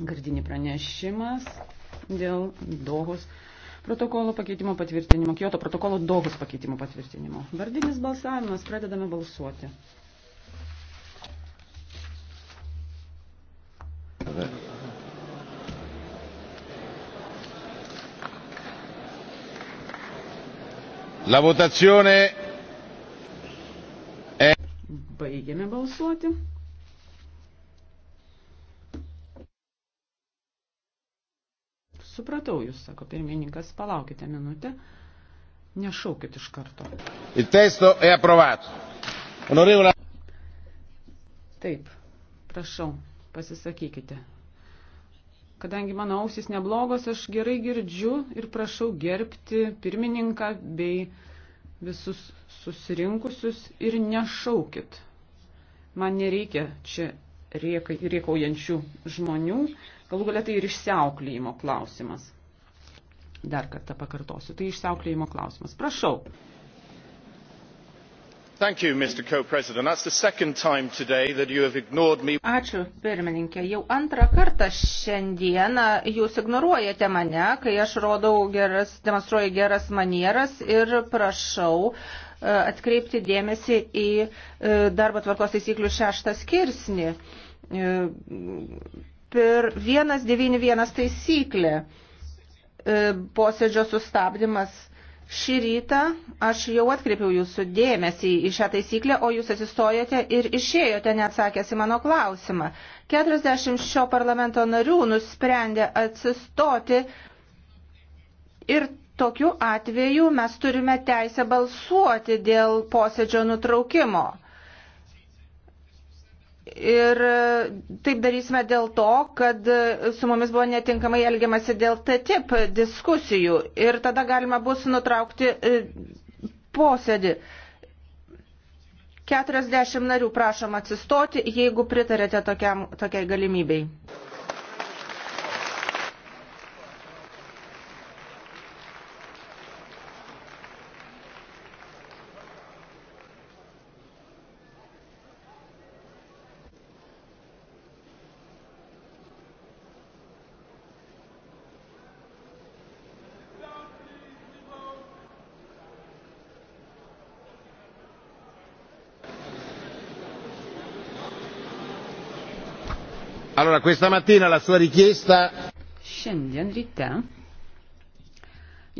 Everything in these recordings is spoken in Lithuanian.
Gardinį pranešimas dėl Dohos protokolo pakeitimo patvirtinimo, Kyoto protokolo Dohos pakeitimo patvirtinimo. Vardinis balsavimas, pradedame balsuoti. La votazione è... Baigėme balsuoti. supratau jūs, sako pirmininkas, palaukite minutę, nešaukit iš karto. Il testo è approvato. Onorevole. Taip, prašau, pasisakykite. Kadangi mano ausis neblogos, aš gerai girdžiu ir prašau gerbti pirmininką bei visus susirinkusius ir nešaukit. Man nereikia čia rieka, riekaujančių žmonių, Galų galia tai ir išsiauklėjimo klausimas. Dar kartą pakartosiu, tai išsiauklėjimo klausimas. Prašau. You, Ačiū, pirmininkė. Jau antrą kartą šiandieną jūs ignoruojate mane, kai aš rodau geras, demonstruoju geras manieras ir prašau e, atkreipti dėmesį į e, darbo tvarkos taisyklių šeštą skirsnį e, per 191 taisyklė e, posėdžio sustabdymas. Šį rytą aš jau atkreipiau jūsų dėmesį į šią taisyklę, o jūs atsistojate ir išėjote neatsakęs į mano klausimą. 40 šio parlamento narių nusprendė atsistoti ir tokiu atveju mes turime teisę balsuoti dėl posėdžio nutraukimo. Ir taip darysime dėl to, kad su mumis buvo netinkamai elgiamasi dėl TTIP diskusijų ir tada galima bus nutraukti e, posėdį. 40 narių prašom atsistoti, jeigu pritarėte tokiam, tokiai galimybei. Allora, questa mattina la sua richiesta. Šiandien ryte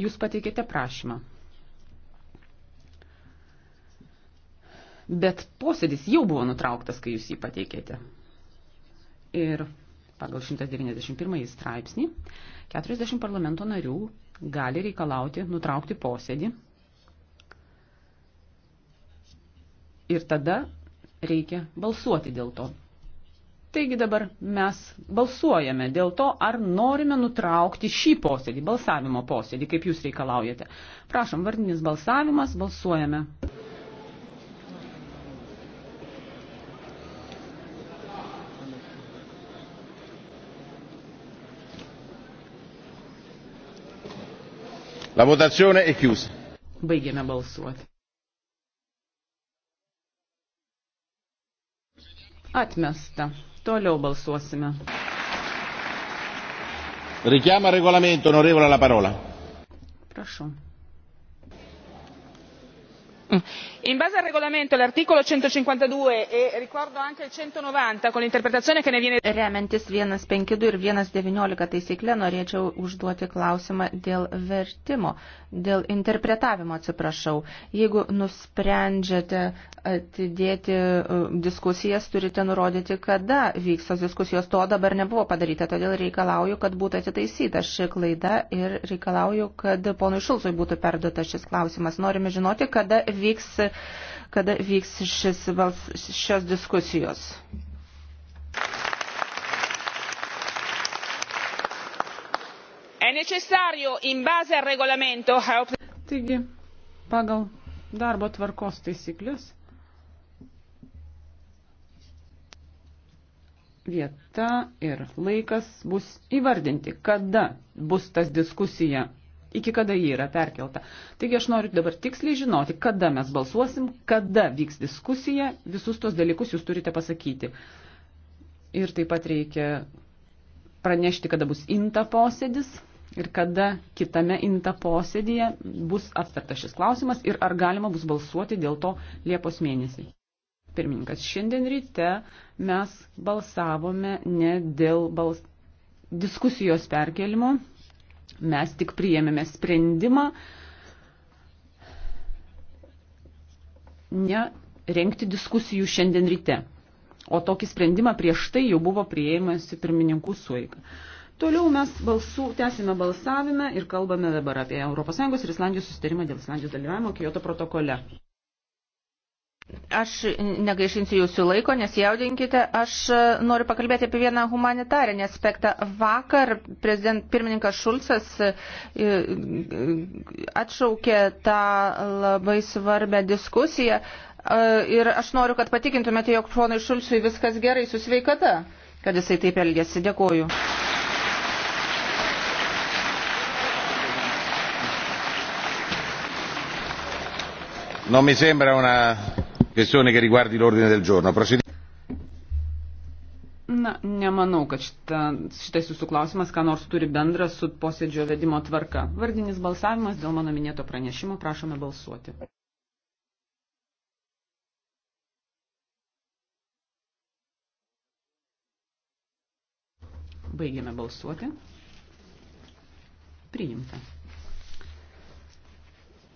jūs pateikėte prašymą. Bet posėdis jau buvo nutrauktas, kai jūs jį pateikėte. Ir pagal 191 straipsnį 40 parlamento narių gali reikalauti nutraukti posėdį. Ir tada reikia balsuoti dėl to. Taigi dabar mes balsuojame dėl to, ar norime nutraukti šį posėdį, balsavimo posėdį, kaip jūs reikalaujate. Prašom, vardinis balsavimas, balsuojame. La votazione è chiusa. Baigėme balsuoti. Atmesta. Toliau balsuosime. Richiama regolamento, onorevole la parola. Prašau. Mm. in base al regolamento l'articolo centocinquantadue e ricordo anche il centonovanta con l'interpretazione che ne viene. remiantis vienas penki du ir vienas devyniolika taisykle norėčiau užduoti klausimą dėl vertimo dėl interpretavimo atsiprašau jeigu nusprendžiate atidėti e, diskusijas turite nurodyti kada vyks tos diskusijos to dabar nebuvo padaryta todėl reikalauju kad būtų atitaisyta ši klaida ir reikalauju kad ponui šulcui būtų perduotas šis klausimas norime žinoti kada vyks, kada vyks šis bals, šios diskusijos. Taigi, pagal darbo tvarkos taisyklės vieta ir laikas bus įvardinti, kada bus tas diskusija iki kada ji yra perkelta. Taigi aš noriu dabar tiksliai žinoti, kada mes balsuosim, kada vyks diskusija, visus tos dalykus jūs turite pasakyti. Ir taip pat reikia pranešti, kada bus inta posėdis ir kada kitame inta posėdėje bus aptartas šis klausimas ir ar galima bus balsuoti dėl to Liepos mėnesį. Pirmininkas, šiandien ryte mes balsavome ne dėl bals... diskusijos perkelimo, Mes tik priėmėme sprendimą nerengti diskusijų šiandien ryte. O tokį sprendimą prieš tai jau buvo prieimasi pirmininkų suiga. Toliau mes balsų, tęsime balsavimą ir kalbame dabar apie ES ir Islandijos susitarimą dėl Islandijos dalyvavimo Kyoto protokole. Aš negaišinsiu jūsų laiko, nesijaudinkite. Aš e, noriu pakalbėti apie vieną humanitarinį aspektą. Vakar prezident, pirmininkas Šulcas e, e, atšaukė tą labai svarbę diskusiją ir aš noriu, kad patikintumėte, jog ponai Šulcui viskas gerai su sveikata, kad jisai taip elgėsi. Dėkuoju. Non mi sembra una questione che riguardi l'ordine del giorno. Procediamo. Na, nemanau, kad šita, šitas jūsų klausimas, ką nors turi bendra su posėdžio vedimo tvarka. Vardinis balsavimas dėl mano minėto pranešimo, prašome balsuoti. Baigėme balsuoti. Priimta.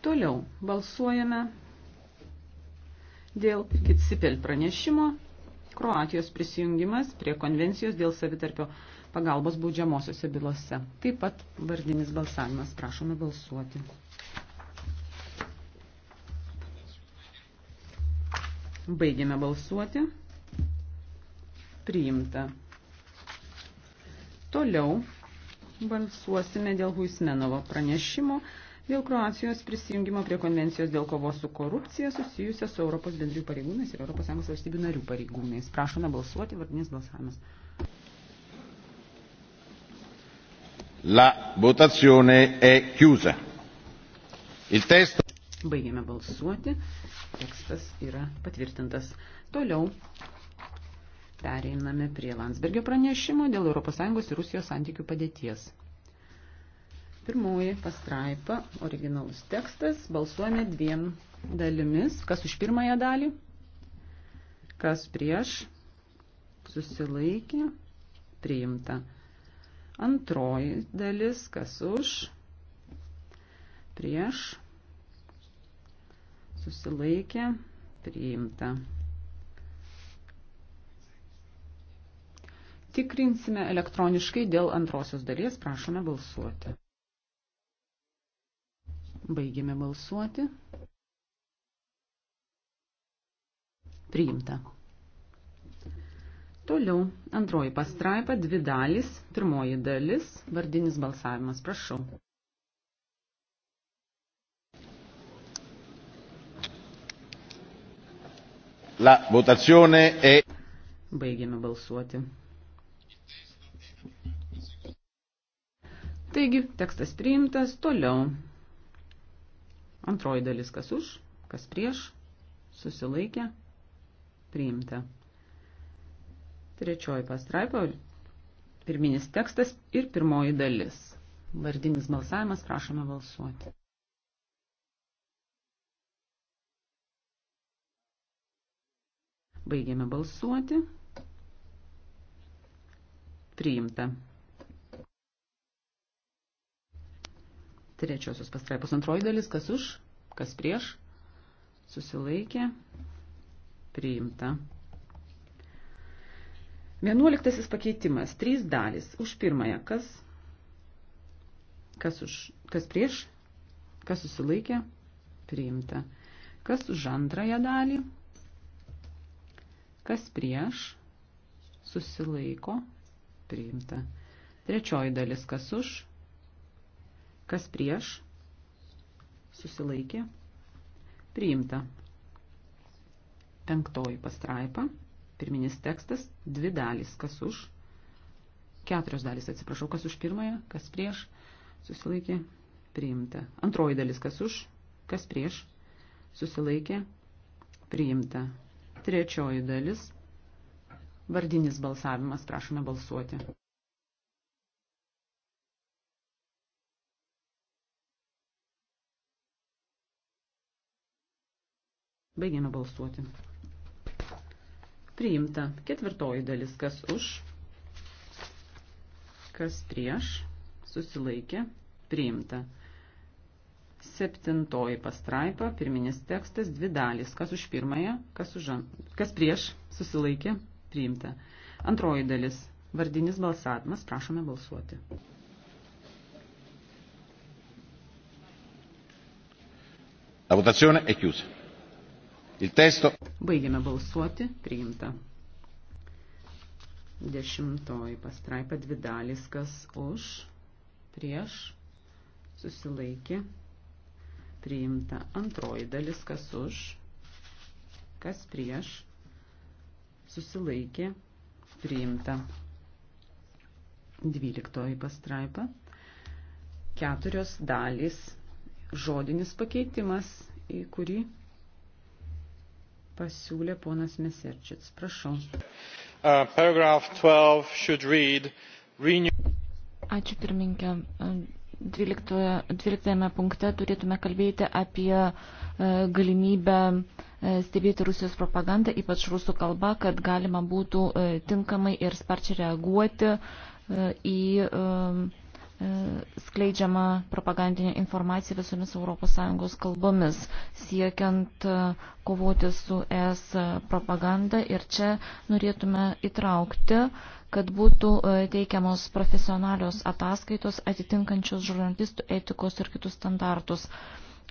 Toliau balsuojame Dėl Gitsipel pranešimo Kroatijos prisijungimas prie konvencijos dėl savitarpio pagalbos baudžiamosiose bylose. Taip pat vardinis balsavimas. Prašome balsuoti. Baigiame balsuoti. Priimta. Toliau balsuosime dėl Huismenovo pranešimo dėl Kroacijos prisijungimo prie konvencijos dėl kovos su korupcija susijusios su Europos bendrių pareigūnais ir ES valstybių narių pareigūnais. Prašome balsuoti, vardinis balsavimas. La votazione è chiusa. Il testo. Baigėme balsuoti. Tekstas yra patvirtintas. Toliau pereiname prie Landsbergio pranešimo dėl ES ir Rusijos santykių padėties. Pirmoji pastraipa, originalus tekstas, balsuojame dviem dalimis. Kas už pirmąją dalį, kas prieš, susilaikė, priimta. Antroji dalis, kas už, prieš, susilaikė, priimta. Tikrinsime elektroniškai dėl antrosios dalies, prašome balsuoti. Baigėme balsuoti. Priimta. Toliau antroji pastraipa, dvi dalys, pirmoji dalis, vardinis balsavimas, prašau. La votazione è. Baigėme balsuoti. Taigi, tekstas priimtas, toliau Antroji dalis kas už, kas prieš, susilaikė, priimta. Trečioji pastraipa, pirminis tekstas ir pirmoji dalis. Vardinis balsavimas, prašome balsuoti. Baigėme balsuoti. Priimta. trečiosios pastraipos antroji dalis, kas už, kas prieš, susilaikė, priimta. Vienuoliktasis pakeitimas, trys dalis, už pirmąją, kas, kas, už, kas prieš, kas susilaikė, priimta. Kas už antrąją dalį, kas prieš, susilaiko, priimta. Trečioji dalis, kas už, Kas prieš? Susilaikė. Priimta. Penktoji pastraipa. Pirminis tekstas. Dvi dalys. Kas už? Keturios dalys, atsiprašau. Kas už pirmąją? Kas prieš? Susilaikė. Priimta. Antroji dalis. Kas už? Kas prieš? Susilaikė. Priimta. Trečioji dalis. Vardinis balsavimas. Prašome balsuoti. Baigiame balsuoti. Priimta ketvirtoji dalis, kas už, kas prieš, susilaikė, priimta. Septintoji pastraipa, pirminis tekstas, dvi dalis, kas už pirmąją, kas, už, kas prieš, susilaikė, priimta. Antroji dalis, vardinis balsavimas, prašome balsuoti. La votazione è chiusa. Il testo. Baigiame balsuoti. Priimta. Dešimtoji pastraipa dvi dalys, kas už, prieš, susilaikė. Priimta antroji dalis, kas už, kas prieš, susilaikė. Priimta. Dvyliktoji pastraipa. Keturios dalys. Žodinis pakeitimas, į kurį pasiūlė ponas Meserčits. Prašau. Uh, read, renew... Ačiū pirminkė. 12, 12 punkte turėtume kalbėti apie uh, galimybę uh, stebėti Rusijos propagandą, ypač rusų kalba, kad galima būtų uh, tinkamai ir sparčiai reaguoti į um, E, skleidžiama propagandinė informacija visomis ES kalbomis, siekiant e, kovoti su ES propaganda. Ir čia norėtume įtraukti, kad būtų e, teikiamos profesionalios ataskaitos atitinkančios žurnalistų etikos ir kitus standartus,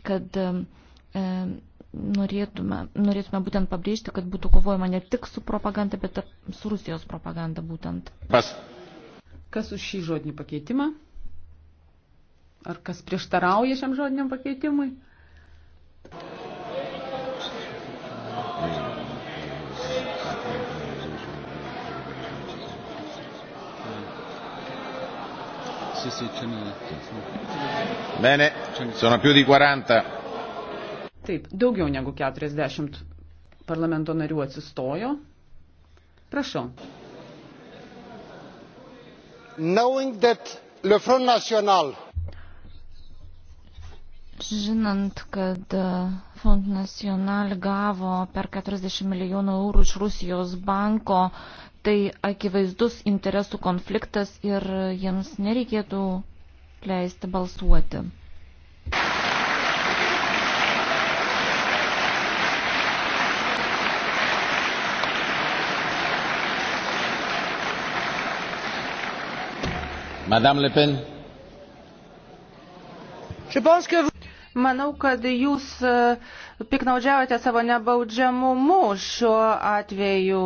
kad norėtume, norėtume būtent pabrėžti, kad būtų kovojama ne tik su propaganda, bet ir su Rusijos propaganda būtent. Pas. Kas už šį žodinį pakeitimą? Ar kas prieštarauja šiam žodiniam pakeitimui? Bene, sono più di 40. Taip, daugiau negu 40 parlamento narių atsistojo. Prašau. Knowing that Le Front National Žinant, kad e, Fond National gavo per 40 milijonų eurų iš Rusijos banko, tai akivaizdus interesų konfliktas ir jiems nereikėtų leisti balsuoti. Madame Le Pen. Je pense que vous... Manau, kad jūs e, piknaudžiavote savo nebaudžiamumu šiuo atveju,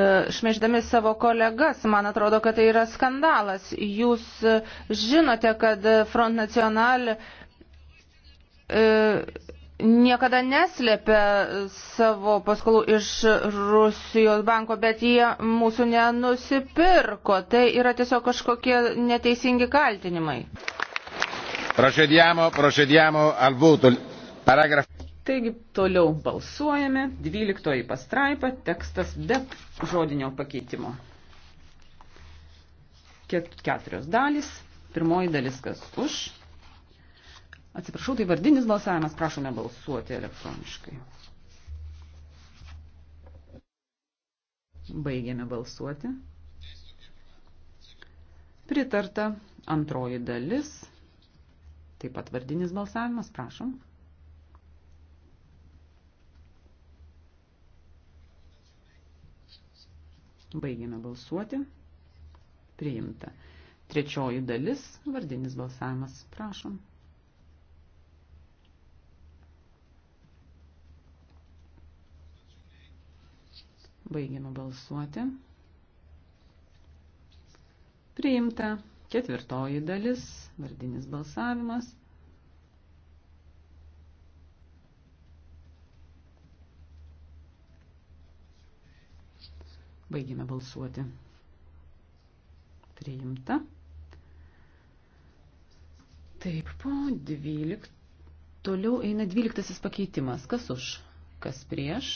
e, šmeždami savo kolegas. Man atrodo, kad tai yra skandalas. Jūs e, žinote, kad Front National niekada neslėpia savo paskolų iš Rusijos banko, bet jie mūsų nenusipirko. Tai yra tiesiog kažkokie neteisingi kaltinimai. Procediamo, procediamo al voto. Paragraf... Taigi toliau balsuojame. 12 pastraipa, tekstas be žodinio pakeitimo. Ket, keturios dalys. Pirmoji dalis kas už. Atsiprašau, tai vardinis balsavimas, prašome balsuoti elektroniškai. Baigėme balsuoti. Pritarta antroji dalis Taip pat vardinis balsavimas, prašom. Baigėme balsuoti. Priimta. Trečioji dalis, vardinis balsavimas, prašom. Baigėme balsuoti. Priimta. Ketvirtoji dalis, vardinis balsavimas. Baigime balsuoti. Priimta. Taip, po 12. Toliau eina 12 pakeitimas. Kas už? Kas prieš?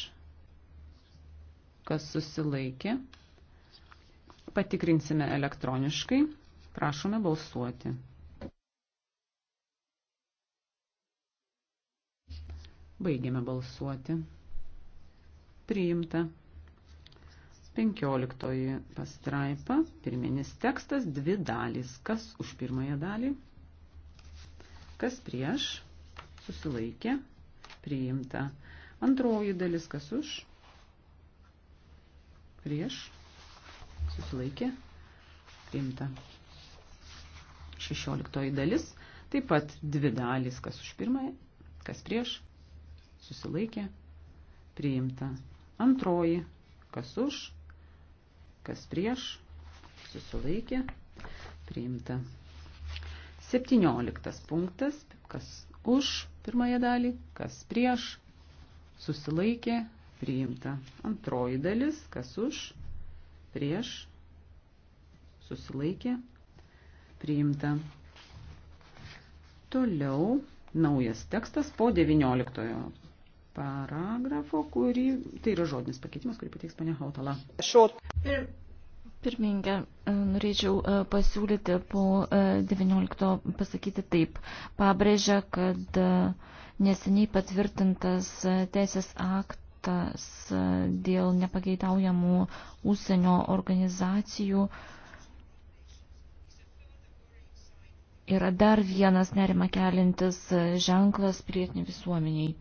Kas susilaikė? Patikrinsime elektroniškai. Prašome balsuoti. Baigėme balsuoti. Priimta. 15 pastraipa, pirminis tekstas, dvi dalys. Kas už pirmąją dalį? Kas prieš? Susilaikė. Priimta. Antroji dalis, kas už? Prieš. Susilaikė. Priimta. 16 dalis, taip pat dvi dalys, kas už pirmąją, kas prieš, susilaikė, priimta. Antroji, kas už, kas prieš, susilaikė, priimta. 17 punktas, kas už pirmąją dalį, kas prieš, susilaikė, priimta. Antroji dalis, kas už, prieš, susilaikė, priimta priimta. Toliau naujas tekstas po 19 paragrafo, kurį, tai yra žodinis pakeitimas, kurį pateiks ponia Hautala. Pir, pirmininkė, norėčiau e, pasiūlyti po 19 e, pasakyti taip. Pabrėžia, kad e, neseniai patvirtintas teisės aktas dėl nepageidaujamų užsienio organizacijų uh, yra dar vienas nerima kelintis e, ženklas pilietiniai visuomeniai.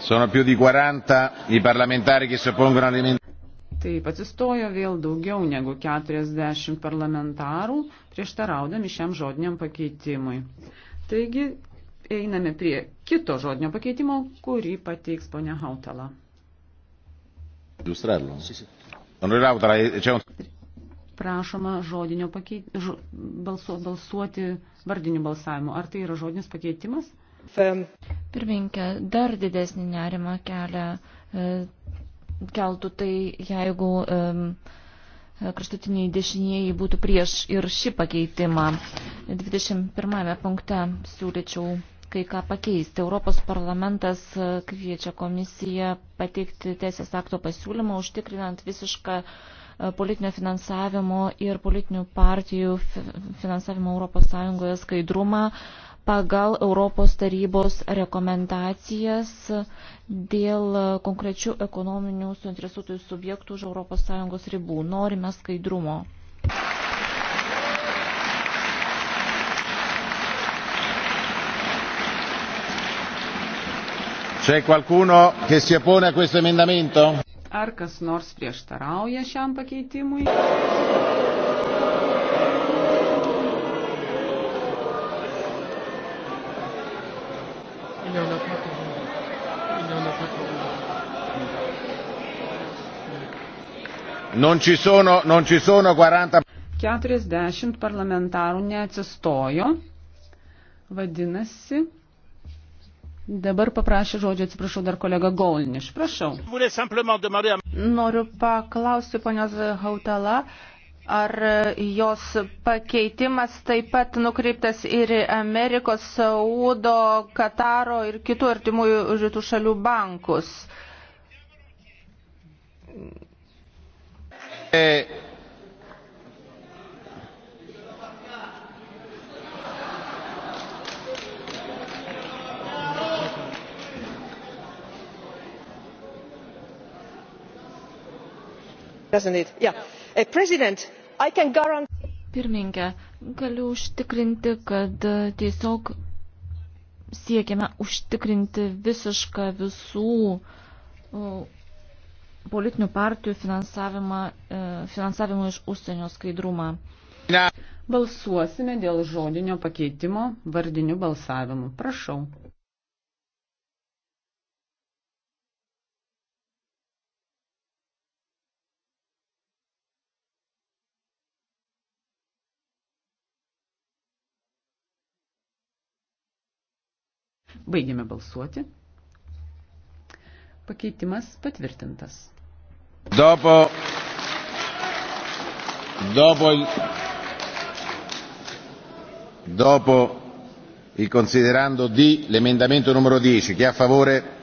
Sono più di 40 i parlamentari che si oppongono all'emendamento. Taip atsistojo vėl daugiau negu 40 parlamentarų prieštaraudami šiam žodiniam pakeitimui. Taigi einame prie kito žodinio pakeitimo, kurį pateiks ponia Hautala. Iliustrarlo. Eh, Prašoma žodinio pakeit... ž... balsu... balsuoti vardiniu balsavimu. Ar tai yra žodinis pakeitimas? Pirminkė, dar didesnį nerimą kelia e, keltų tai, jeigu um, kraštutiniai dešinieji būtų prieš ir šį pakeitimą. 21 punkte siūlyčiau kai ką pakeisti. Europos parlamentas e, kviečia komisiją pateikti teisės akto pasiūlymą, užtikrinant visišką e, politinio finansavimo ir politinių partijų finansavimo ES skaidrumą pagal Europos tarybos rekomendacijas dėl konkrečių ekonominių suinteresuotųjų subjektų už ES ribų. Norime skaidrumo. C'è qualcuno che si oppone a questo emendamento? Ar kas nors prieštarauja šiam pakeitimui? Il n'y en a pas pour vous. Il n'y en a pas pour vous. Non ci sono, non ci sono 40. 40 parlamentarų neatsistojo. Vadinasi, Dabar paprašė žodžio, atsiprašau, dar kolega Golniš. Prašau. Noriu paklausti ponios Hautala, Ar jos pakeitimas taip pat nukreiptas ir Amerikos, Saudo, Kataro ir kitų artimųjų rytų šalių bankus? E... president Pirmininkė, galiu užtikrinti, kad e, tiesiog siekiame užtikrinti visišką visų politinių partijų finansavimą, e, finansavimą iš užsienio skaidrumą. Ne. Balsuosime dėl žodinio pakeitimo vardiniu balsavimu. Prašau. Baigėme balsuoti. Pakeitimas patvirtintas. Dopo, dopo, dopo il considerando D, l'emendamento numero 10, chi è a favore,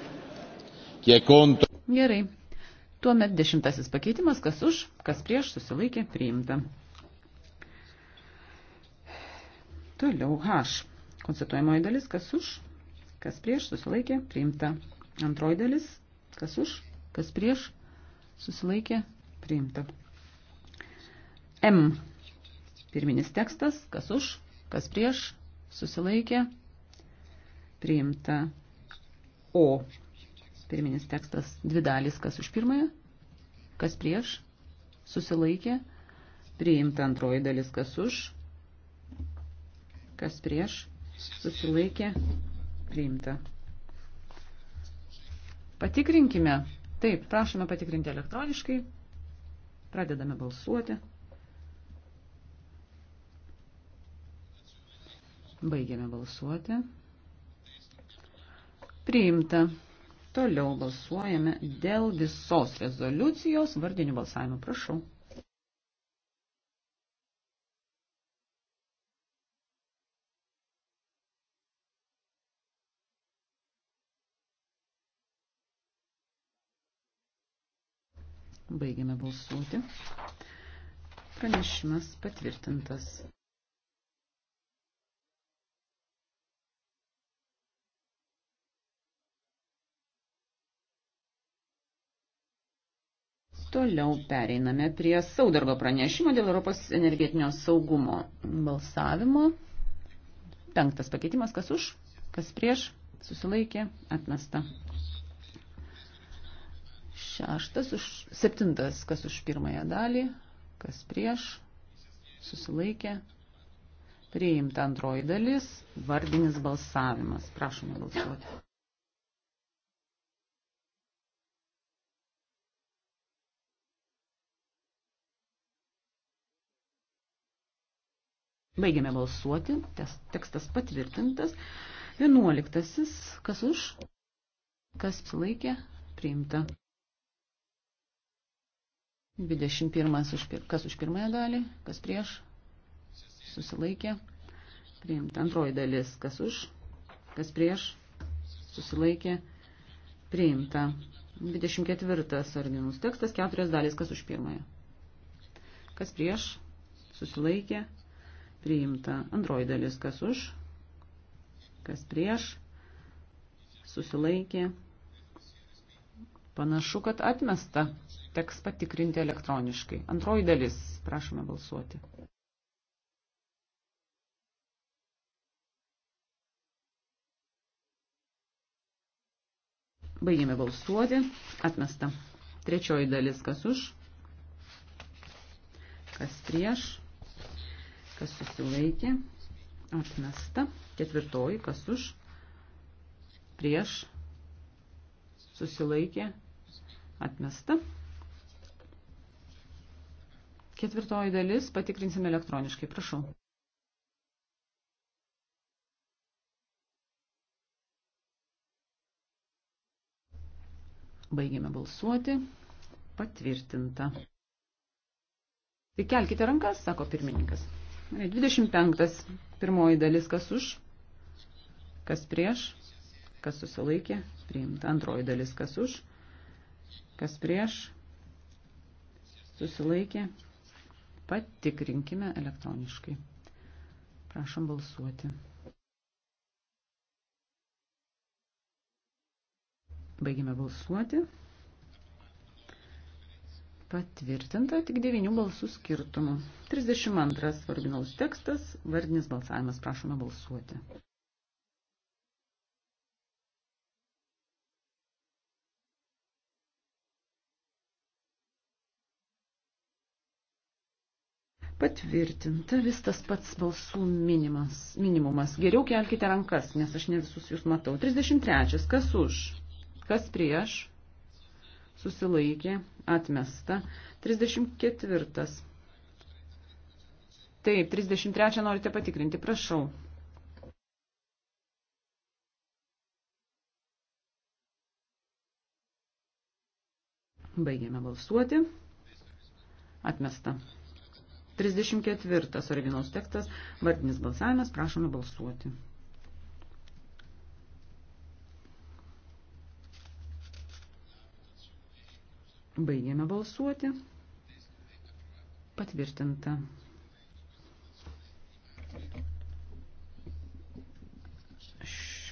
chi è contro. Gerai. Tuomet dešimtasis pakeitimas, kas už, kas prieš, susilaikė, priimta. Toliau H. Konstatuojamoji dalis, kas už, kas prieš, susilaikė, priimta. Antroji dalis, kas už, kas prieš, susilaikė, priimta. M. Pirminis tekstas, kas už, kas prieš, susilaikė, priimta. O. Pirminis tekstas, dvi dalys, kas už pirmąją, kas prieš, susilaikė, priimta antroji dalis, kas už, kas prieš, susilaikė, priimta. Patikrinkime. Taip, prašome patikrinti elektroniškai. Pradedame balsuoti. Baigiame balsuoti. Priimta. Toliau balsuojame dėl visos rezoliucijos vardinių balsavimų. Prašau. Baigiame balsuoti. Pranešimas patvirtintas. Toliau pereiname prie Saudargo pranešimo dėl Europos energetinio saugumo balsavimo. Penktas pakeitimas, kas už, kas prieš, susilaikė, atmesta. Šeštas už septintas, kas už pirmąją dalį, kas prieš, susilaikė. Priimta antroji dalis, vardinis balsavimas. Prašome balsuoti. Baigiame balsuoti, tekstas patvirtintas. Vienuoliktasis, kas už, kas sulaikė, priimta. 21. Kas už pirmąją dalį, kas prieš, susilaikė. Priimta antroji dalis, kas už, kas prieš, susilaikė. Priimta. 24. Ordinus tekstas, keturios dalys, kas už pirmąją. Kas prieš, susilaikė. Priimta. Antroji dalis, kas už, kas prieš, susilaikė. Panašu, kad atmesta teks patikrinti elektroniškai. Antroji dalis. Prašome balsuoti. Baigėme balsuoti. Atmesta. Trečioji dalis. Kas už? Kas prieš? Kas susilaikė? Atmesta. Ketvirtoji. Kas už? Prieš? Susilaikė? Atmesta. Ketvirtoji dalis patikrinsime elektroniškai. Prašau. Baigėme balsuoti. Patvirtinta. Tai kelkite rankas, sako pirmininkas. 25. Pirmoji dalis, kas už, kas prieš, kas susilaikė, priimta. Antroji dalis, kas už, kas prieš, susilaikė, Patikrinkime elektroniškai. Prašom balsuoti. Baigime balsuoti. Patvirtinta tik 9 balsų skirtumų. 32 originalus tekstas, vardinis balsavimas, prašome balsuoti. Patvirtinta vis tas pats balsų minimas, minimumas. Geriau kelkite rankas, nes aš ne visus jūs matau. 33. Kas už? Kas prieš? Susilaikė. Atmesta. 34. Taip, 33 norite patikrinti, prašau. Baigėme balsuoti. Atmesta. 34 originalus tekstas, vardinis balsavimas, prašome balsuoti. Baigėme balsuoti. Patvirtinta.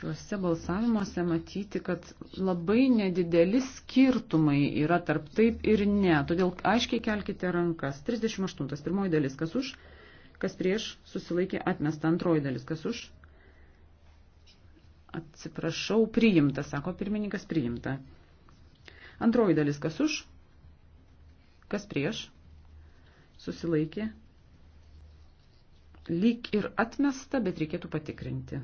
šiuose balsavimuose matyti, kad labai nedideli skirtumai yra tarp taip ir ne. Todėl aiškiai kelkite rankas. 38. Pirmoji dalis, kas už, kas prieš, susilaikė atmesta. Antroji dalis, kas už. Atsiprašau, priimta, sako pirmininkas, priimta. Antroji dalis, kas už, kas prieš, susilaikė lyg ir atmesta, bet reikėtų patikrinti.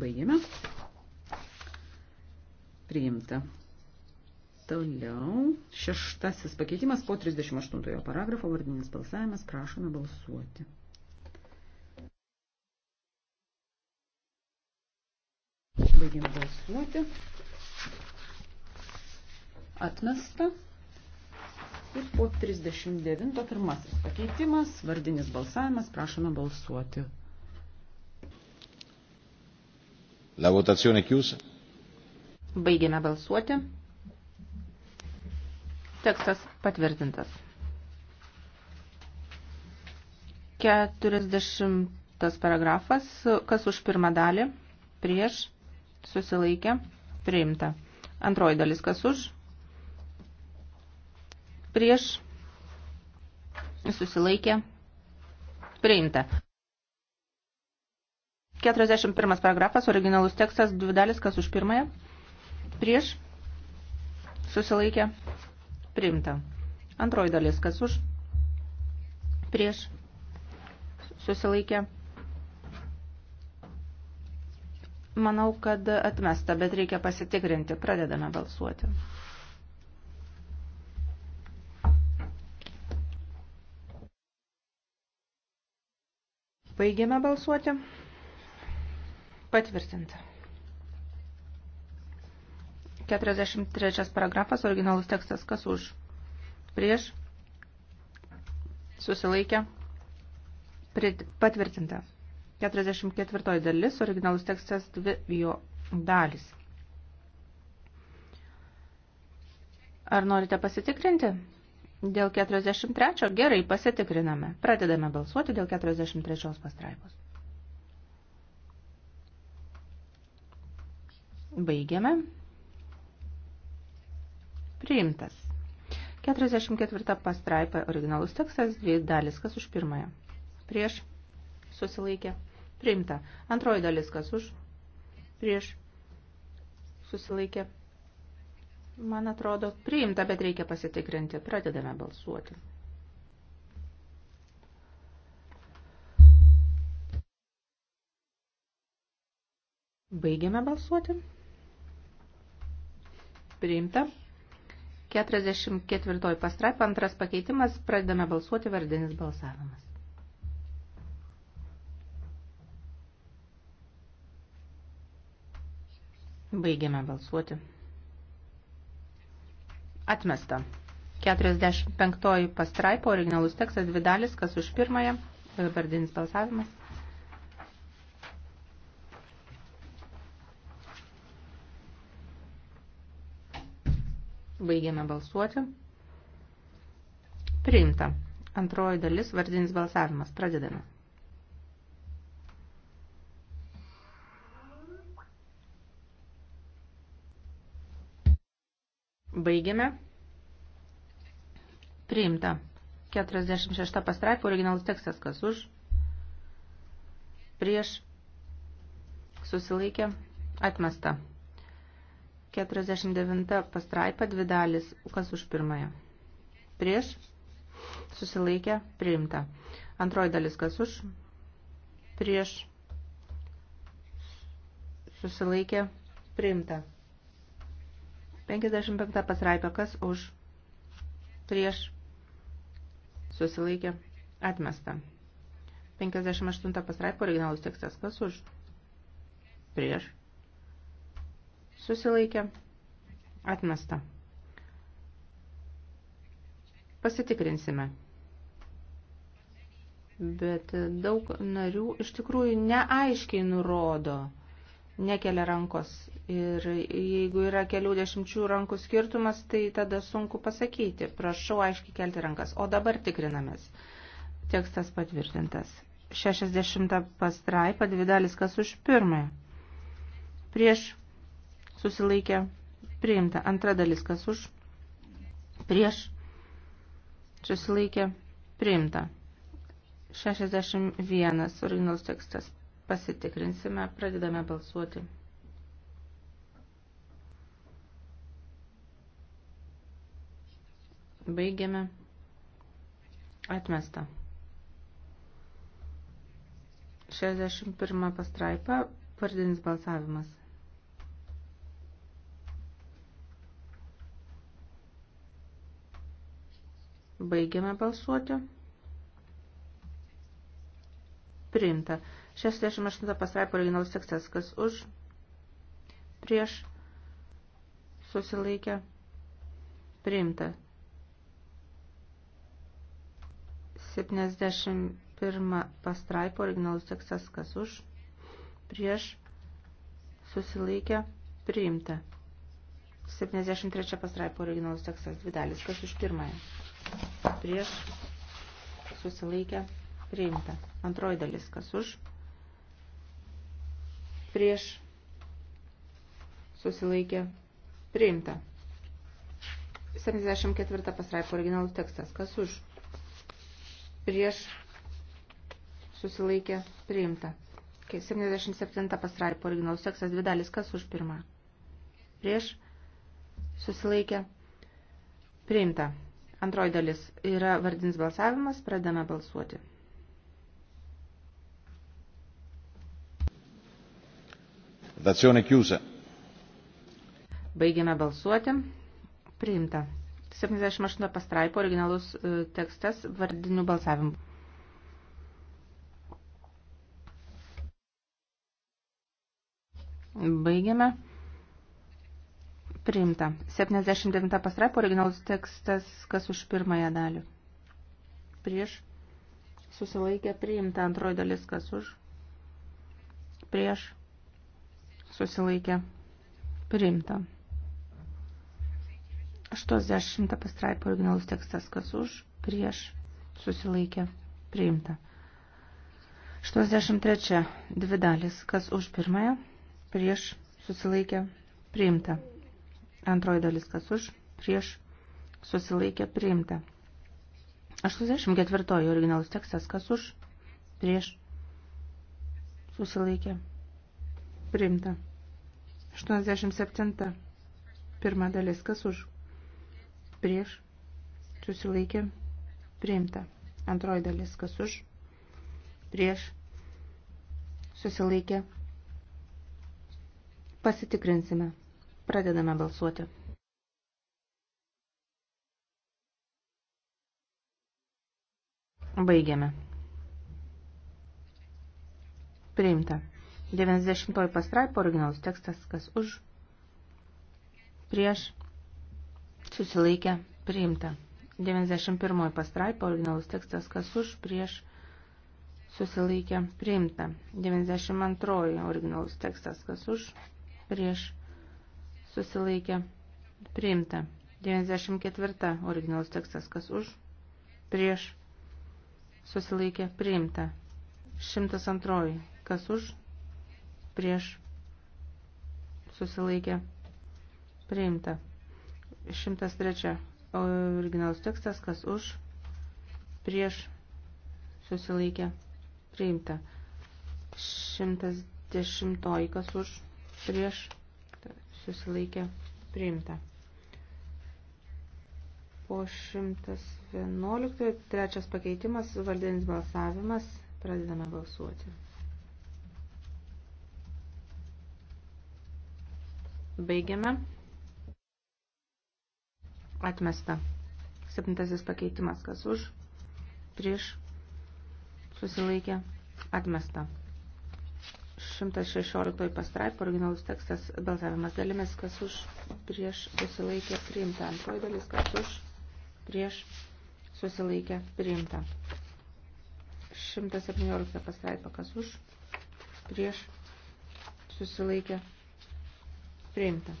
Baigėme. Priimta. Toliau. Šeštasis pakeitimas po 38 paragrafo vardinis balsavimas. Prašome balsuoti. Baigėme balsuoti. Atmesta. Ir po 39 pirmasis pakeitimas, vardinis balsavimas, prašome balsuoti. La votazione è chiusa. Baigiame balsuoti. Tekstas patvirtintas. 40 paragrafas. Kas už pirmą dalį? Prieš. Susilaikė. Priimta. Antroji dalis. Kas už? Prieš. Susilaikė. Priimta. 41 paragrafas, originalus tekstas, dvi dalis, kas už pirmąją. Prieš susilaikė priimta. Antroji dalis, kas už prieš susilaikė. Manau, kad atmesta, bet reikia pasitikrinti. Pradedame balsuoti. Baigėme balsuoti. Patvirtinta. 43 paragrafas, originalus tekstas, kas už, prieš, susilaikė, patvirtinta. 44 dalis, originalus tekstas, dvi jo dalis. Ar norite pasitikrinti? Dėl 43 gerai pasitikriname. Pradedame balsuoti dėl 43 pastraipos. Baigiame. Priimtas. 44 pastraipa originalus tekstas, dvi dalis, kas už pirmąją. Prieš susilaikė. Priimta. Antroji dalis, kas už. Prieš susilaikė. Man atrodo, priimta, bet reikia pasitikrinti. Pradedame balsuoti. Baigiame balsuoti priimta. 44 pastraipa, antras pakeitimas, pradedame balsuoti vardinis balsavimas. Baigiame balsuoti. Atmesta. 45 pastraipo originalus tekstas dvi dalis, kas už pirmąją, vardinis balsavimas. Baigiame balsuoti. Priimta. Antroji dalis vardinis balsavimas. Pradedame. Baigiame. Priimta. 46 pastraipų originalus tekstas kas už. Prieš. Susilaikė. Atmesta. 49 pastraipa dvi dalis, kas už pirmąją. Prieš susilaikė priimta. Antroji dalis kas už. Prieš susilaikė priimta. 55 pasraipa kas už. Prieš susilaikė atmesta. 58 pasraipa originalus tekstas kas už. Prieš Susilaikė. Atmesta. Pasitikrinsime. Bet daug narių iš tikrųjų neaiškiai nurodo, nekelia rankos. Ir jeigu yra kelių dešimčių rankų skirtumas, tai tada sunku pasakyti. Prašau aiškiai kelti rankas. O dabar tikrinamės. Tekstas patvirtintas. 60 pastraipa, dvi dalis kas už pirmąją. Prieš susilaikė priimta. Antra dalis kas už, prieš susilaikė priimta. 61 originalus tekstas. Pasitikrinsime, pradedame balsuoti. Baigiame. Atmesta. 61 pastraipa, vardinis balsavimas. Baigiame balsuoti. Priimta. 68 pasraipo originalus tekstas, kas už, prieš, susilaikę, priimta. 71 pastraipo originalus tekstas, kas už, prieš, susilaikę, priimta. 73 pastraipo originalus tekstas, dvi dalis, kas už pirmąją prieš susilaikę priimta. Antroji dalis, kas už, prieš susilaikę priimta. 74 pasraipo originalų tekstas, kas už, prieš susilaikę priimta. 77 pasraipo originalus tekstas, dvi dalis, kas už pirmą, prieš susilaikę priimta. Antroji dalis yra vardinis balsavimas, pradame balsuoti. Votazione chiusa. Baigiame balsuoti. Priimta. 78 pastraipo originalus e, tekstas vardiniu balsavimu. Baigiame priimta. 79 pastraipo originalus tekstas, kas už pirmąją dalį. Prieš susilaikė priimta antroji dalis, kas už. Prieš susilaikė priimta. 80 pastraipo originalus tekstas, kas už. Prieš susilaikė priimta. 83 dvi dalis, kas už pirmąją. Prieš susilaikė priimta. Antroji dalis kas už, prieš, susilaikė priimta. 84 originalus tekstas kas už, prieš, susilaikė priimta. 87 pirma dalis kas už, prieš, susilaikė priimta. Antroji dalis kas už, prieš, susilaikė. Pasitikrinsime. Pradedame balsuoti. Baigiame. Priimta. 90 pastraipo originalus tekstas, kas už, prieš, susilaikę, priimta. 91 pastraipo originalus tekstas, kas už, prieš, susilaikę, priimta. 92 originalus tekstas, kas už, prieš, susilaikė, priimta. 94 originalus tekstas, kas už, prieš, susilaikė, priimta. 102, kas už, prieš, susilaikė, priimta. 103 originalus tekstas, kas už, prieš, susilaikė, priimta. 110, kas už, prieš, susilaikė susilaikė priimta. Po 111 trečias pakeitimas, vardinis balsavimas, pradedame balsuoti. Baigiame. Atmesta. Septintasis pakeitimas, kas už, prieš, susilaikė, atmesta. 116 pastraipų originalus tekstas balsavimas dalimis, kas už prieš susilaikė priimta. Antroji dalis, kas už prieš susilaikė priimta. 117 pastraipa, kas už prieš susilaikė priimta.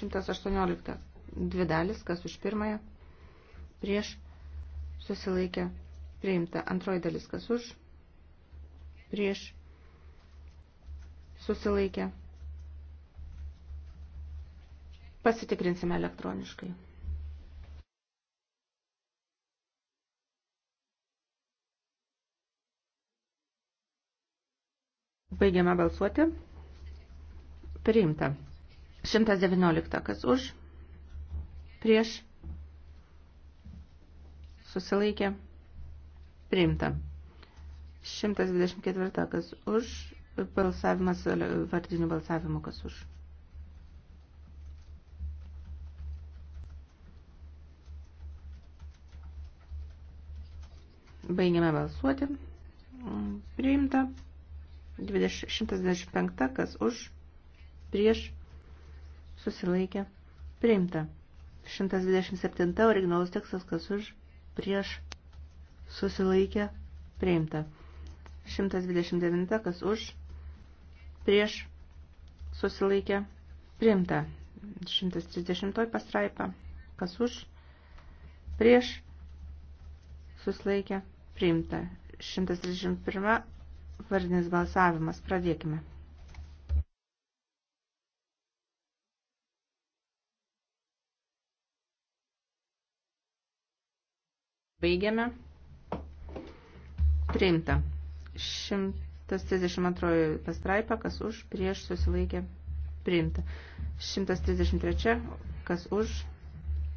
118 dvi dalis, kas už pirmąją prieš susilaikė priimta. Antroji dalis, kas už prieš susilaikė. Pasitikrinsime elektroniškai. Baigiame balsuoti. Priimta. 119. Kas už? Prieš? Susilaikė. Priimta. 124. Kas už? Balsavimas vardiniu balsavimu, kas už. Baigiame balsuoti. Priimta. 125, kas už, prieš, susilaikė. Priimta. 127, originalus tekstas, kas už, prieš, susilaikė. Priimta. 129, kas už, prieš susilaikė priimta. 130 pastraipa, kas už, prieš susilaikė priimta. 131 vardinis balsavimas, pradėkime. Baigiame. Priimta. 100. Tas 32 pastraipa, kas už, prieš susilaikė priimta. 133, kas už,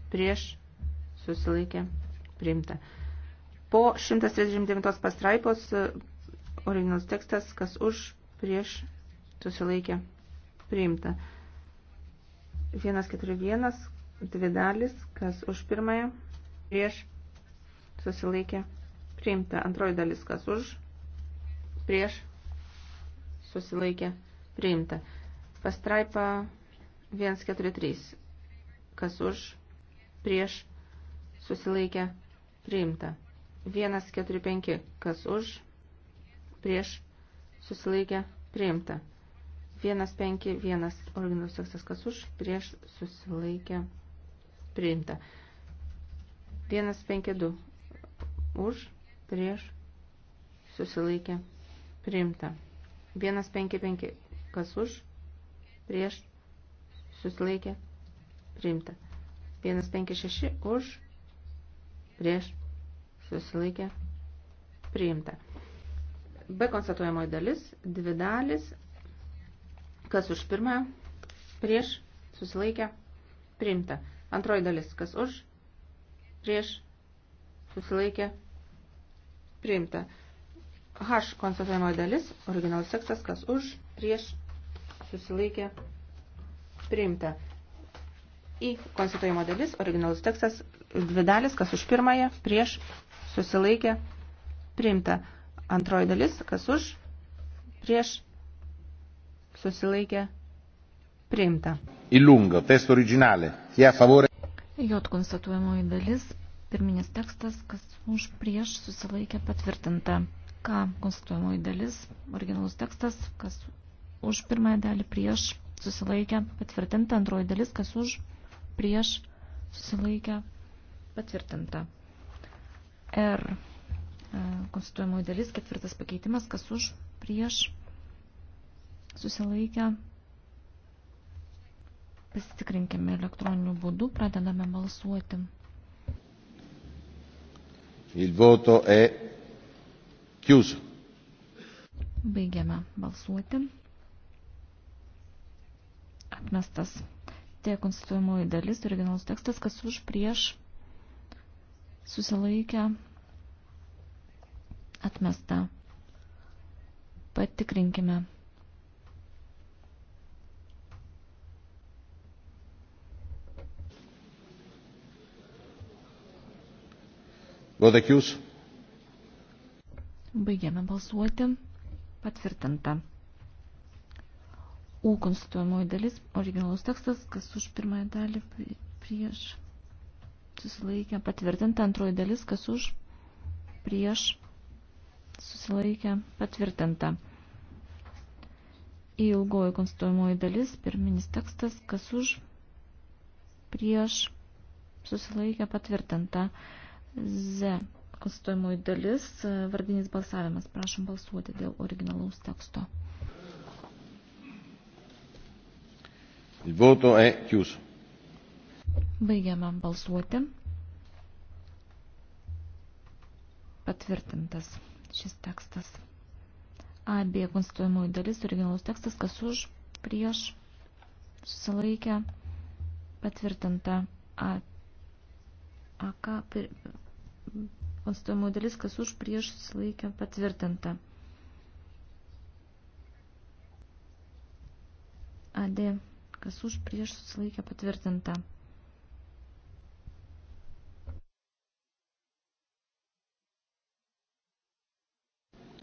prieš susilaikė priimta. Po 139 pastraipos originalus tekstas, kas už, prieš susilaikė priimta. 141, dvi dalis, kas už pirmąją, prieš susilaikė priimta. Antroji dalis, kas už, prieš susilaikė priimta. Pastraipa 143. Kas už prieš susilaikė priimta. 145. Kas už prieš susilaikė priimta. 151 originalus tekstas kas už prieš susilaikė priimta. 152 už prieš susilaikė priimta Priimta. 155. Kas už? Prieš. Susilaikė. Priimta. 156. Už. Prieš. Susilaikė. Priimta. B konstatuojamoji dalis. Dvi dalis. Kas už pirmą? Prieš. Susilaikė. Priimta. Antroji dalis. Kas už? Prieš. Susilaikė. Priimta. H konstatuojamoji dalis, originalus tekstas, kas už, prieš, susilaikė, priimta. I konstatuojama dalis, originalus tekstas, dvi dalis, kas už pirmąją, prieš, susilaikė, priimta. Antroji dalis, kas už, prieš, susilaikė, priimta. Ilungo, testo originale, chi a favore. J konstatuojamoji dalis, pirminis tekstas, kas už, prieš, susilaikė, patvirtinta. K konstatuojamoji dalis, originalus tekstas, kas už pirmąją dalį prieš susilaikę, patvirtinta antroji dalis, kas už prieš susilaikę, patvirtinta. R e, konstatuojamoji dalis, ketvirtas pakeitimas, kas už prieš susilaikę, pasitikrinkime elektroniniu būdu, pradedame balsuoti. Il voto è e Chiuso. Baigiame balsuoti. Atmestas tiek konstituojamoji dalis, originalus tekstas, kas už prieš susilaikę atmesta. Patikrinkime. Voto chiuso. Baigiame balsuoti. Patvirtinta. U konstituojamoji dalis, originalus tekstas, kas už pirmąją dalį prieš susilaikę, patvirtinta antroji dalis, kas už prieš susilaikę, patvirtinta. Į ilgoji konstituojamoji dalis, pirminis tekstas, kas už prieš susilaikę, patvirtinta. Z konstatuojamoji dalis, e, vardinis balsavimas. Prašom balsuoti dėl originalaus teksto. Il voto è chiuso. Baigiame balsuoti. Patvirtintas šis tekstas. AB konstituojamoji dalis, originalus tekstas, kas už, prieš, susilaikę, patvirtinta A, AK, pir, Konstatuojama dalis, kas už prieš susilaikė patvirtinta. AD, kas už prieš susilaikė patvirtinta.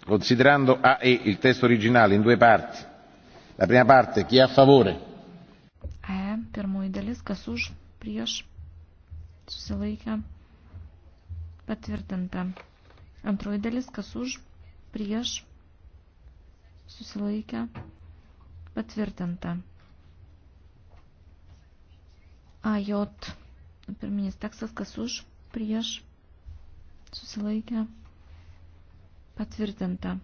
Considerando AE il testo originale in due parti. La prima parte, chi è a favore? E, pirmoji dalis, kas už prieš susilaikė patvirtinta Patvirtinta. Antroji dalis, kas už, prieš, susilaikę, patvirtinta. AJ, pirminis tekstas, kas už, prieš, susilaikę, patvirtinta.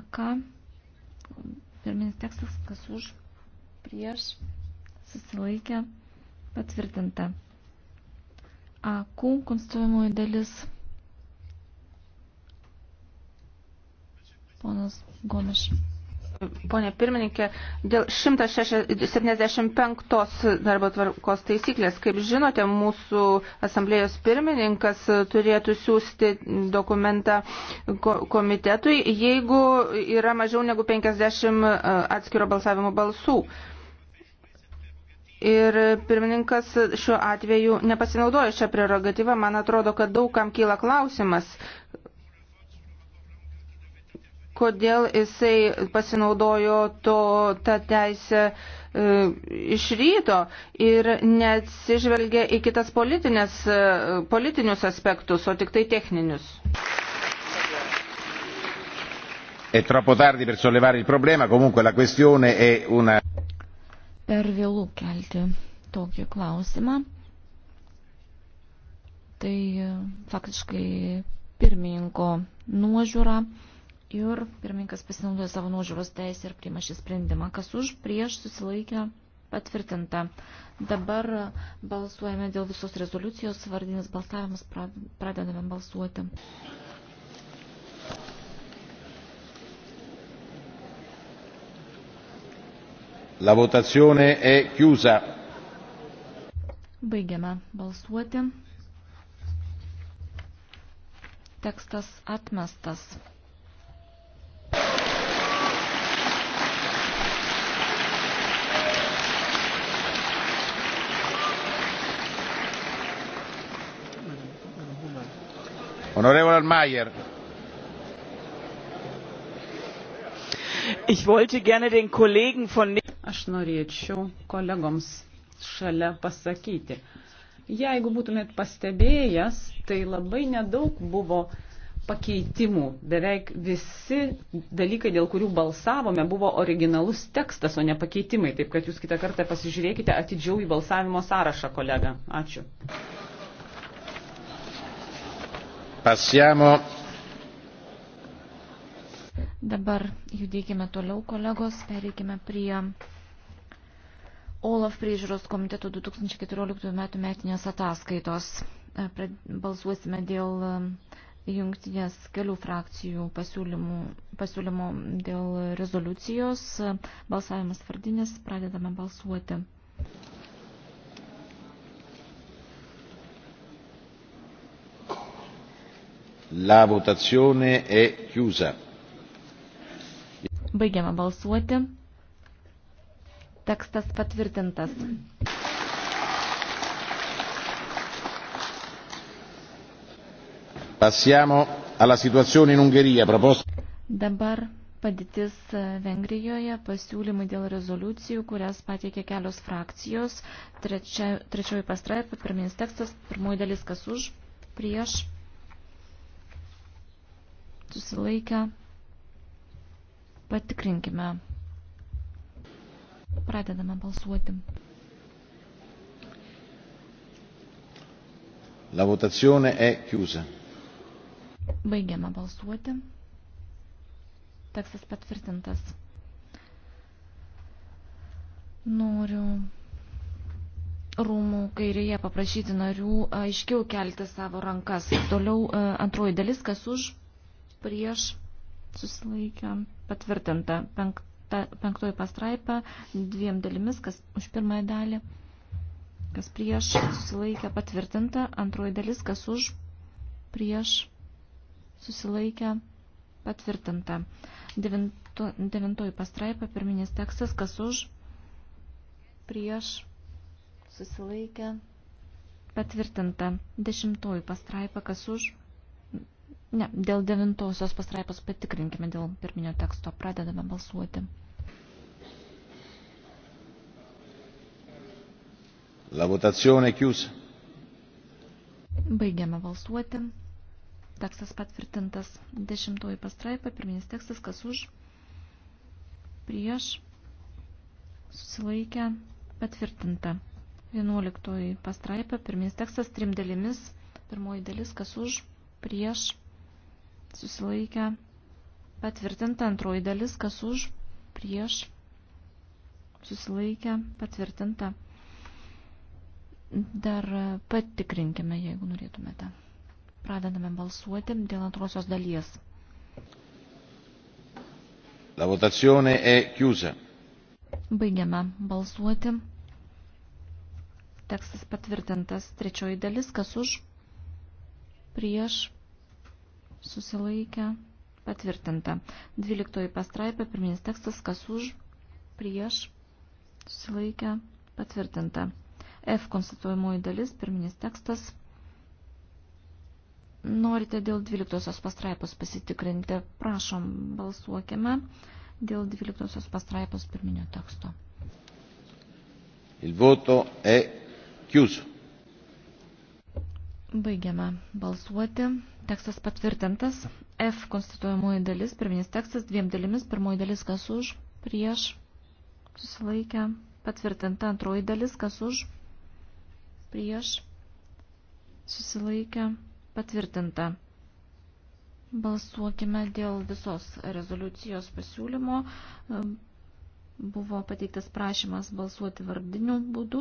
AK, pirminis tekstas, kas už, prieš, susilaikę, patvirtinta. AQ konstruojamoji dalis. Ponas Gomiš. Pone pirmininkė, dėl 175 darbo tvarkos taisyklės, kaip žinote, mūsų asamblėjos pirmininkas turėtų siūsti dokumentą komitetui, jeigu yra mažiau negu 50 e, atskiro balsavimo balsų. Ir pirmininkas šiuo atveju nepasinaudojo šią prerogatyvą. Man atrodo, kad daugam kyla klausimas, kodėl jisai pasinaudojo to, tą teisę e, iš ryto ir neatsižvelgia į kitas e, politinius aspektus, o tik tai techninius. È troppo tardi per sollevare il problema, comunque la questione è una per vėlų kelti tokį klausimą. Tai e, faktiškai pirmininko nuožiūra ir pirmininkas pasinaudoja savo nuožiūros teisę ir priima šį sprendimą. Kas už prieš susilaikę patvirtinta. Dabar balsuojame dėl visos rezoliucijos, vardinis balsavimas, pradedame balsuoti. La votazione è chiusa. Baigiame balsuoti. Tekstas atmestas. Honorevole Mayer. Ich wollte gerne den Kollegen von aš norėčiau kolegoms šalia pasakyti. Jeigu būtumėt pastebėjęs, tai labai nedaug buvo pakeitimų. Beveik visi dalykai, dėl kurių balsavome, buvo originalus tekstas, o ne pakeitimai. Taip kad jūs kitą kartą pasižiūrėkite atidžiau į balsavimo sąrašą, kolega. Ačiū. Passiamo Dabar judėkime toliau, kolegos, pereikime prie OLAF priežiūros komiteto 2014 m. metinės ataskaitos. E, balsuosime dėl e, jungtinės kelių frakcijų pasiūlymų, pasiūlymo dėl rezoliucijos. E, balsavimas vardinis, pradedame balsuoti. La votazione è chiusa. Baigiame balsuoti. Tekstas patvirtintas. Passiamo alla situazione in Ungheria. Proposta... Dabar padėtis e, Vengrijoje, pasiūlymai dėl rezoliucijų, kurias pateikė kelios frakcijos. Trečia, trečioji pastraipa, pirminis tekstas, pirmoji dalis kas už, prieš, susilaikę, patikrinkime. Pradedame balsuoti. La votazione è chiusa. Baigiame balsuoti. Tekstas patvirtintas. Noriu rūmų kairėje paprašyti narių aiškiau kelti savo rankas. Toliau e, antroji dalis, kas už, prieš, susilaikę, patvirtinta. Penkt, penktoji pastraipa dviem dalimis, kas už pirmąją dalį, kas prieš susilaikę patvirtinta, antroji dalis, kas už prieš susilaikę patvirtinta. Devinto, devintoji pastraipa, pirminis tekstas, kas už prieš susilaikę patvirtinta. Dešimtoji pastraipa, kas už Ne, dėl devintosios pastraipos patikrinkime dėl pirminio teksto. Pradedame balsuoti. La votazione è chiusa. Baigiame balsuoti. Tekstas patvirtintas. Dešimtoji pastraipa, pirminis tekstas, kas už, prieš, susilaikę, patvirtinta. Vienuoliktoji pastraipa, pirminis tekstas, trim dalimis, pirmoji dalis, kas už, prieš, susilaikę, patvirtinta. Antroji dalis, kas už, prieš, susilaikę, patvirtinta. Dar patikrinkime, jeigu norėtumėte. Pradedame balsuoti dėl antrosios dalies. La votazione è chiusa. Baigiame balsuoti. Tekstas patvirtintas. Trečioji dalis, kas už, prieš, susilaikę, patvirtinta. Dvyliktoji pastraipė, pirminis tekstas, kas už, prieš, susilaikę, patvirtinta. F konstatuojamoji dalis, pirminis tekstas. Norite dėl 12 pastraipos pasitikrinti, prašom, balsuokime dėl 12 pastraipos pirminio teksto. Il voto è chiuso. Baigiame balsuoti. Tekstas patvirtintas. F konstituojamoji dalis, pirminis tekstas, dviem dalimis. Pirmoji dalis kas už, prieš, susilaikę. Patvirtinta antroji dalis kas už, prieš, susilaikę, patvirtinta. Balsuokime dėl visos rezoliucijos pasiūlymo. Buvo pateiktas prašymas balsuoti vardiniu būdu,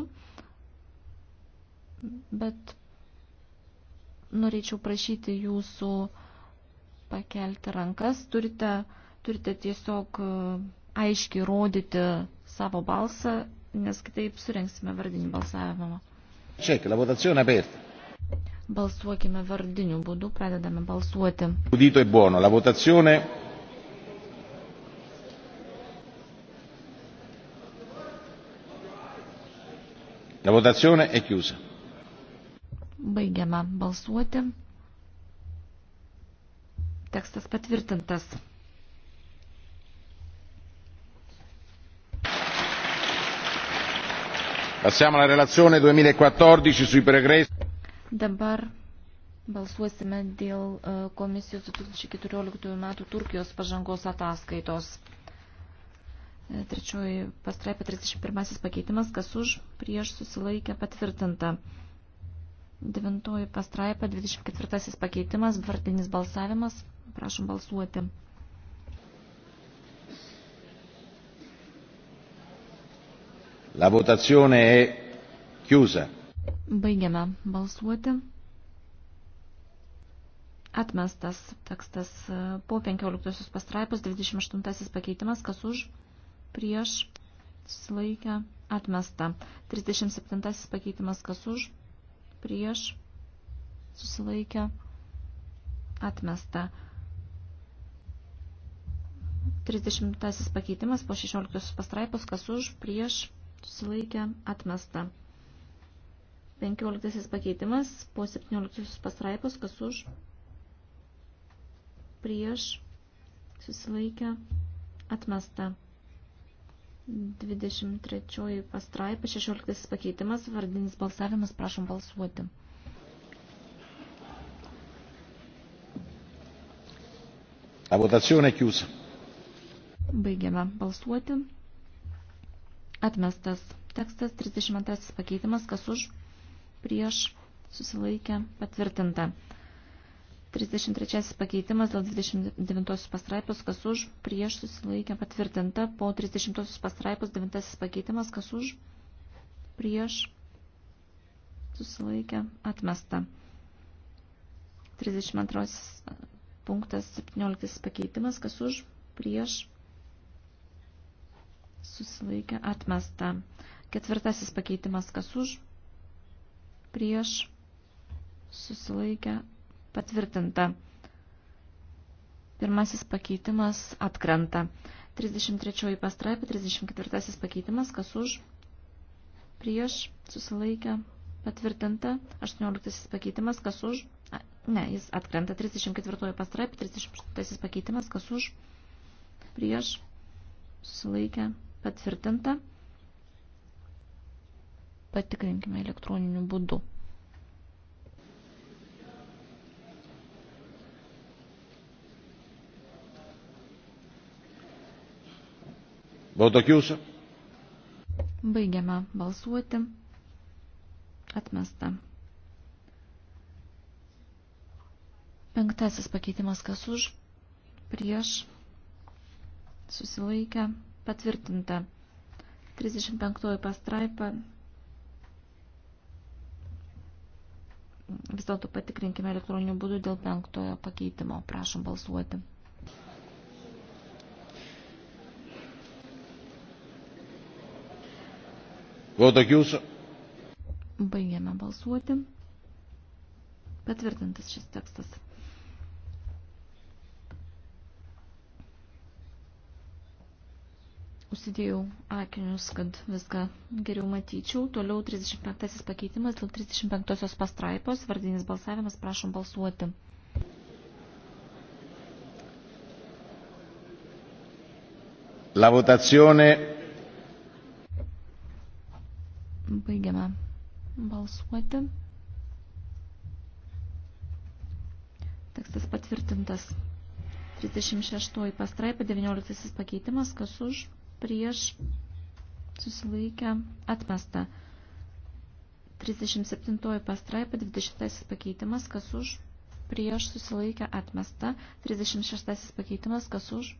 bet norėčiau prašyti jūsų pakelti rankas. Turite, turite tiesiog e, aiškiai rodyti savo balsą, nes kitaip surenksime vardinį balsavimą. Ček, la votazione aperta. Balsuokime vardiniu būdu, pradedame balsuoti. Udito e buono, la votazione. La votazione è chiusa. Baigiame balsuoti. Tekstas patvirtintas. Passiamo alla relazione 2014 sui progressi. Dabar balsuosime dėl e, komisijos 2014 metų Turkijos pažangos ataskaitos. E, trečioji pastraipė 31 pakeitimas, kas už prieš susilaikę patvirtinta. Devintoji pastraipa 24 pakeitimas, vardinis balsavimas. Prašom balsuoti. La votazione è chiusa. Baigiame balsuoti. Atmestas tekstas e, po 15 pastraipos 28 pakeitimas, kas už, prieš, slaikę, atmesta. 37 pakeitimas, kas už, prieš, susilaikę, atmesta. 30 pakeitimas po 16 pastraipos, kas už, prieš, susilaikė, atmesta. 15 pakeitimas po 17 pastraipos, kas už, prieš, susilaikė, atmesta. 23 pastraipa, 16 pakeitimas, vardinis balsavimas, prašom balsuoti. La votazione è chiusa. Baigiame balsuoti. Atmestas tekstas 32 pakeitimas, kas už, prieš, susilaikė, patvirtinta. 33 pakeitimas dėl 29 pastraipos, kas už, prieš, susilaikė, patvirtinta. Po 30 pastraipos 9 pakeitimas, kas už, prieš, susilaikė, atmesta. 32 uh, punktas 17 pakeitimas, kas už, prieš, susilaikė atmesta. Ketvirtasis pakeitimas kas už, prieš, susilaikė patvirtinta. Pirmasis pakeitimas atkrenta. 33 pastraipė, 34 pakeitimas kas už, prieš, susilaikė patvirtinta. 18 pakeitimas kas už, ne, jis atkrenta. 34 pastraipė, 36 pakeitimas kas už, prieš, susilaikė patvirtinta Patvirtinta. Patikrinkime elektroniniu būdu. Voto chiuso. Baigiame balsuoti. Atmesta. Penktasis pakeitimas kas už, prieš, susilaikę. Patvirtinta. 35 pastraipa. Vis dėlto patikrinkime elektroniniu būdu dėl penktojo pakeitimo. Prašom balsuoti. Voto chiuso. Baigiame balsuoti. Patvirtintas šis tekstas. Užsidėjau akinius, kad viską geriau matyčiau. Toliau 35 pakeitimas dėl 35 pastraipos, vardinis balsavimas, prašom balsuoti. La votazione. Baigiame balsuoti. Tekstas patvirtintas. 36 pastraipa, 19 pakeitimas, kas už? prieš susilaikę atmesta. 37 pastraipa 20 pakeitimas, kas už prieš susilaikę atmesta. 36 pakeitimas, kas už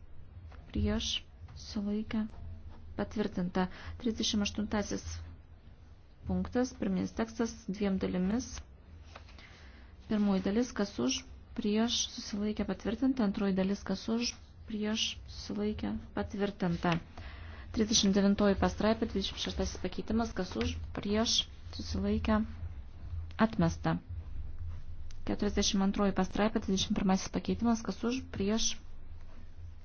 prieš susilaikę patvirtinta. 38 punktas, pirminis tekstas dviem dalimis. Pirmoji dalis, kas už prieš susilaikę patvirtinta, antroji dalis, kas už prieš susilaikę patvirtinta. 39 pastraipė, 26 pakeitimas, kas už, prieš, susilaikę, atmesta. 42 pastraipė, 21 pakeitimas, kas už, prieš,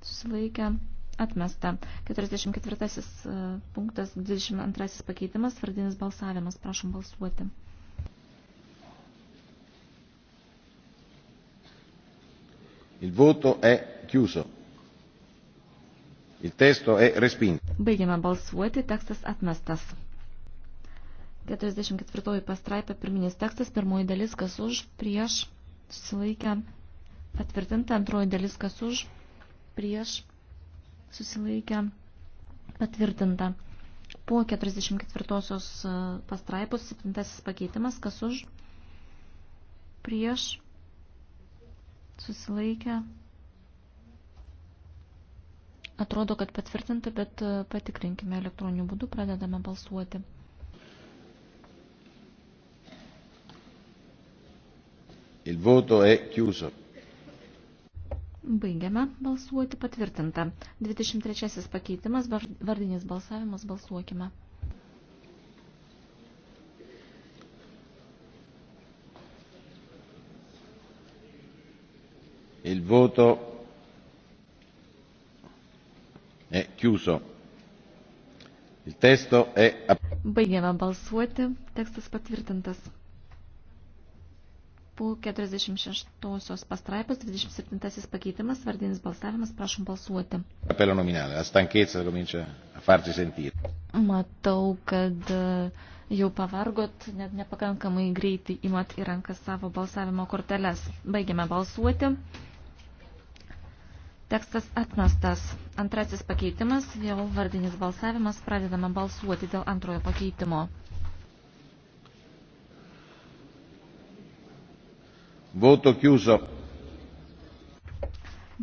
susilaikę, atmesta. 44 e, punktas, 22 pakeitimas, vardinis balsavimas, prašom balsuoti. Il voto è chiuso. Il testo è respinto. Baigiame balsuoti, tekstas atmestas. 44 pastraipė pirminis tekstas, pirmoji dalis, kas už, prieš, susilaikę, patvirtinta, antroji dalis, kas už, prieš, susilaikę, patvirtinta. Po 44 e, pastraipos 7 pakeitimas, kas už, prieš, susilaikę, patvirtinta Atrodo, kad patvirtinta, bet e, patikrinkime elektroniniu būdu, pradedame balsuoti. Il voto è chiuso. Baigiame balsuoti patvirtinta. 23 pakeitimas, vardinis balsavimas, balsuokime. Il voto è chiuso. Il testo è. Baigėme balsuoti. Tekstas patvirtintas. Po 46 pastraipos 27 pakeitimas, vardinis balsavimas, prašom balsuoti. Appello nominale, la stanchezza comincia a farsi sentire. Matau, kad e, jau pavargot, net nepakankamai greitai imat į rankas savo balsavimo korteles. Baigėme balsuoti. Tekstas atmestas. Antrasis pakeitimas, vėl vardinis balsavimas, pradedame balsuoti dėl antrojo pakeitimo. Voto chiuso.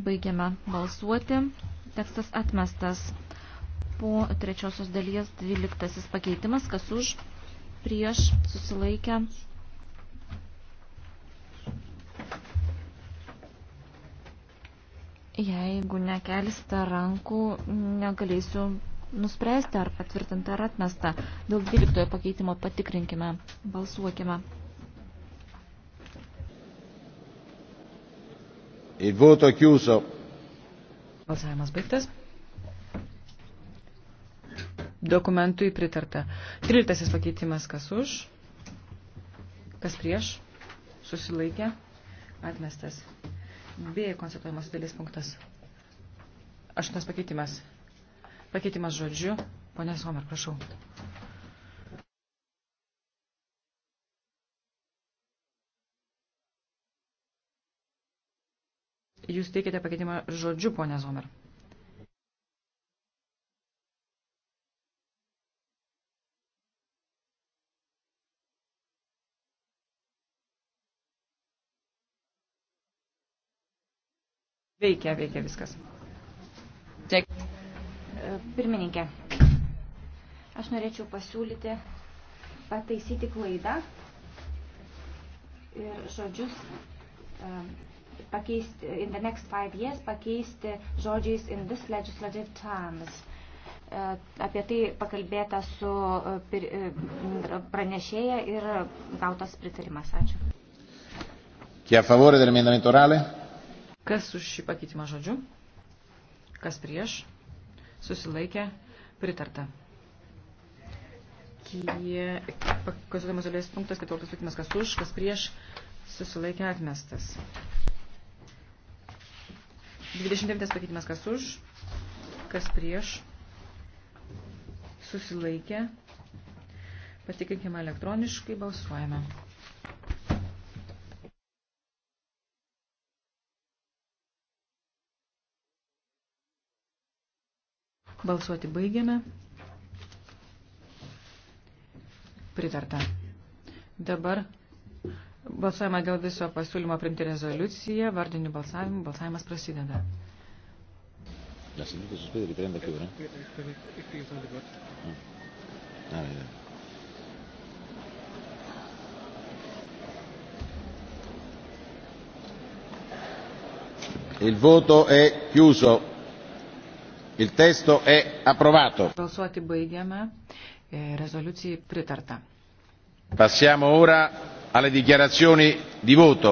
Baigiame balsuoti. Tekstas atmestas. Po trečiosios dalies dvyliktasis pakeitimas, kas už, prieš, susilaikę, Jeigu nekelsite rankų, negalėsiu nuspręsti, ar patvirtinta ar atmesta. Dėl 12 pakeitimo patikrinkime, balsuokime. Il voto chiuso. Balsavimas baigtas. Dokumentui pritarta. 13 pakeitimas kas už, kas prieš, susilaikė, atmestas. B konstatuojamas dalis punktas. Aštuntas pakeitimas. Pakeitimas žodžiu. Pone Somer, prašau. Jūs teikėte pakeitimą žodžiu, ponė Zomer. Veikia, veikia viskas. Tiek. E, pirmininkė, aš norėčiau pasiūlyti pataisyti klaidą ir žodžius e, pakeisti, in the next five years pakeisti žodžiais in this legislative terms. E, apie tai pakalbėta su pranešėja ir gautas pritarimas. Ačiū. Chi a favore dell'emendamento orale? Kas už šį pakeitimą žodžiu? Kas prieš? Susilaikė? Pritarta. Konsultuojamas žalės punktas, ketvirtas pakeitimas, kas už, kas prieš, susilaikė atmestas. 29 pakeitimas, kas už, kas prieš, susilaikė. Patikinkime elektroniškai, balsuojame. Balsuoti baigiame. Pritarta. Dabar balsuojama dėl viso pasiūlymo priimti rezoliuciją, vardinių balsavimų, balsavimas prasideda. La seduta sospesa riprende a che ora? Ah, vediamo. Il voto è chiuso. Il testo è approvato. Balsuoti baigiame. E Rezoliucijai pritarta. Passiamo ora alle dichiarazioni di voto.